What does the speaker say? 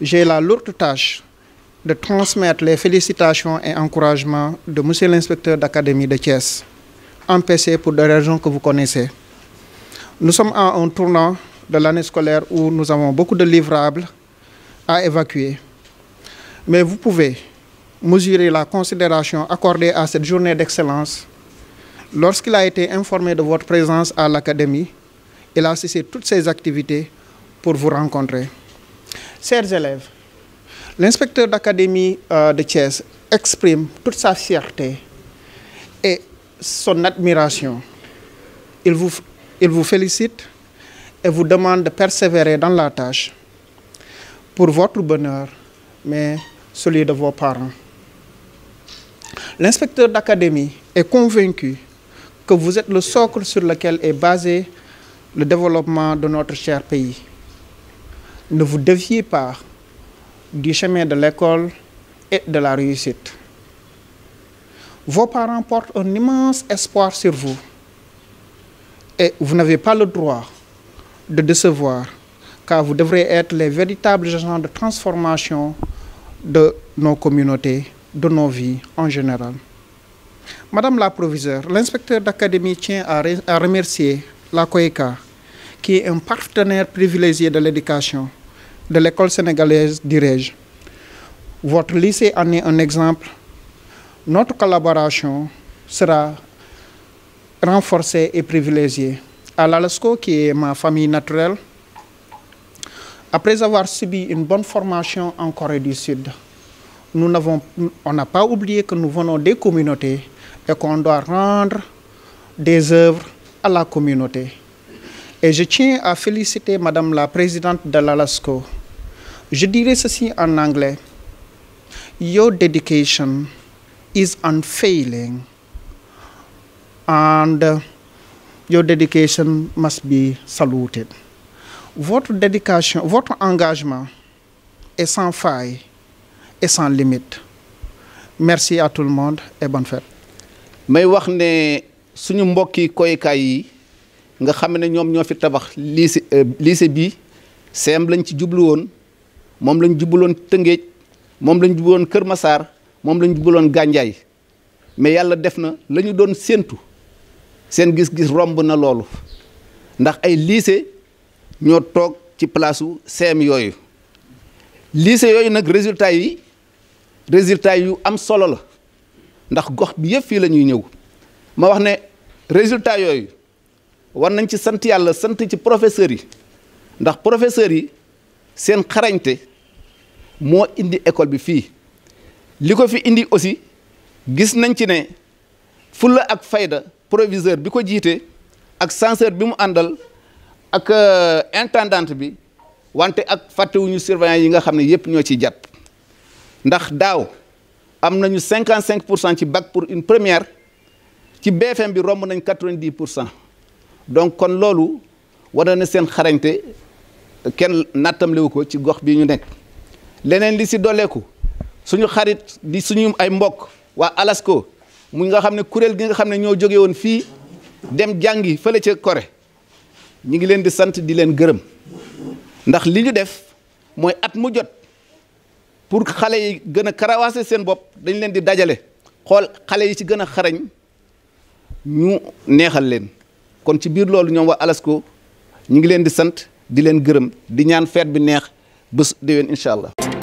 j'ai la lourde tâche de transmettre les félicitations et encouragements de M. l'inspecteur d'académie de Thiès, empêché pour des raisons que vous connaissez. Nous sommes à un tournant de l'année scolaire où nous avons beaucoup de livrables à évacuer. Mais vous pouvez mesurer la considération accordée à cette journée d'excellence. Lorsqu'il a été informé de votre présence à l'académie, et a cessé toutes ses activités pour vous rencontrer. Chers élèves, l'inspecteur d'académie euh, de Thiès exprime toute sa fierté et son admiration. Il vous, il vous félicite et vous demande de persévérer dans la tâche pour votre bonheur, mais celui de vos parents. L'inspecteur d'académie est convaincu que vous êtes le socle sur lequel est basé le développement de notre cher pays ne vous déviez pas du chemin de l'école et de la réussite. Vos parents portent un immense espoir sur vous et vous n'avez pas le droit de décevoir car vous devrez être les véritables agents de transformation de nos communautés, de nos vies en général. Madame la proviseure, l'inspecteur d'académie tient à remercier la COECA qui est un partenaire privilégié de l'éducation de l'école sénégalaise dirige. Votre lycée en est un exemple. Notre collaboration sera renforcée et privilégiée. À l'Alasco, qui est ma famille naturelle, après avoir subi une bonne formation en Corée du Sud, on n'a pas oublié que nous venons des communautés et qu'on doit rendre des œuvres à la communauté. Et je tiens à féliciter Madame la Présidente de l'ALASCO je dirais ceci en anglais. Your dedication is unfailing and your dedication must be saluted. Votre dédication, votre engagement est sans faille et sans limite. Merci à tout le monde et bonne fête. may wax ne suñu mbokki koykaay yi nga xamné ñom ñofi tabax lycée euh, lycée bi CEM lañ ci djublu won moom lañ jubaloon Tëngéej moom lañ jubaloon Kër Masaar moom lañ jubaloon Gànjaay mais yàlla def na la ñu doon séentu seen gis-gis romb na loolu ndax ay liise ñoo toog ci place u CEM yooyu liise yooyu nag résultat yi résultat yu am solo la ndax gox bi yëpp fii la ñuy ñëw ma wax ne résultat yooyu war nañ ci sant yàlla sant ci professeurs yi ndax professeurs yi seen xarañte moo indi école bi fii li ko fi indi aussi gis nañ ci ne fulla ak fayda proviseur bi ko jiite ak censeur bi mu àndal ak euh, intendante bi wante ak fàttewuñu surveillant yi nga xam ne yëpp ñoo ciy jàpp ndax daaw am nañu cinquante cinq pour cent ci bac pour une première ci BFM bi romb nañ quatre-vingt-dix pour cent donc kon loolu war na seen xarañte kenn nattamlewu ko ci gox bi ñu nekk leneen li si dolleeku suñu xarit di suñu ay mbokk waa Alasko mu nga xam ne kuréel gi nga xam ne ñoo jóge woon fii dem jàngi fële ca kore ñu ngi leen di sant di leen gërëm ndax li ñu def mooy at mu jot pour xale yi gën a karawaase seen bopp dañ leen di dajale xool xale yi ci gën a xarañ ñu neexal leen kon ci biir loolu ñoom waa Alasko ñu ngi leen di sant di leen gërëm di ñaan feet bi neex bés déwén incha allah.